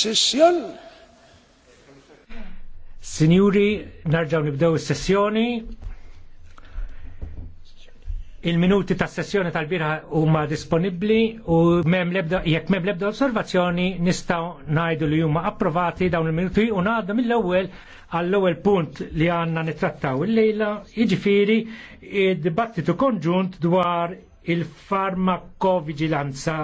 sessjon. Sinjuri, narġaw nibdew is-sessjoni. Il-minuti tas sessjoni tal-birħa huma disponibbli u jekk mem lebda osservazzjoni nistgħu ngħidu li huma approvati dawn il-minuti u ngħaddu mill-ewwel għall-ewwel punt li għandna nittrattaw illejla, jiġifieri id-dibattitu konġunt dwar il-farmakovigilanza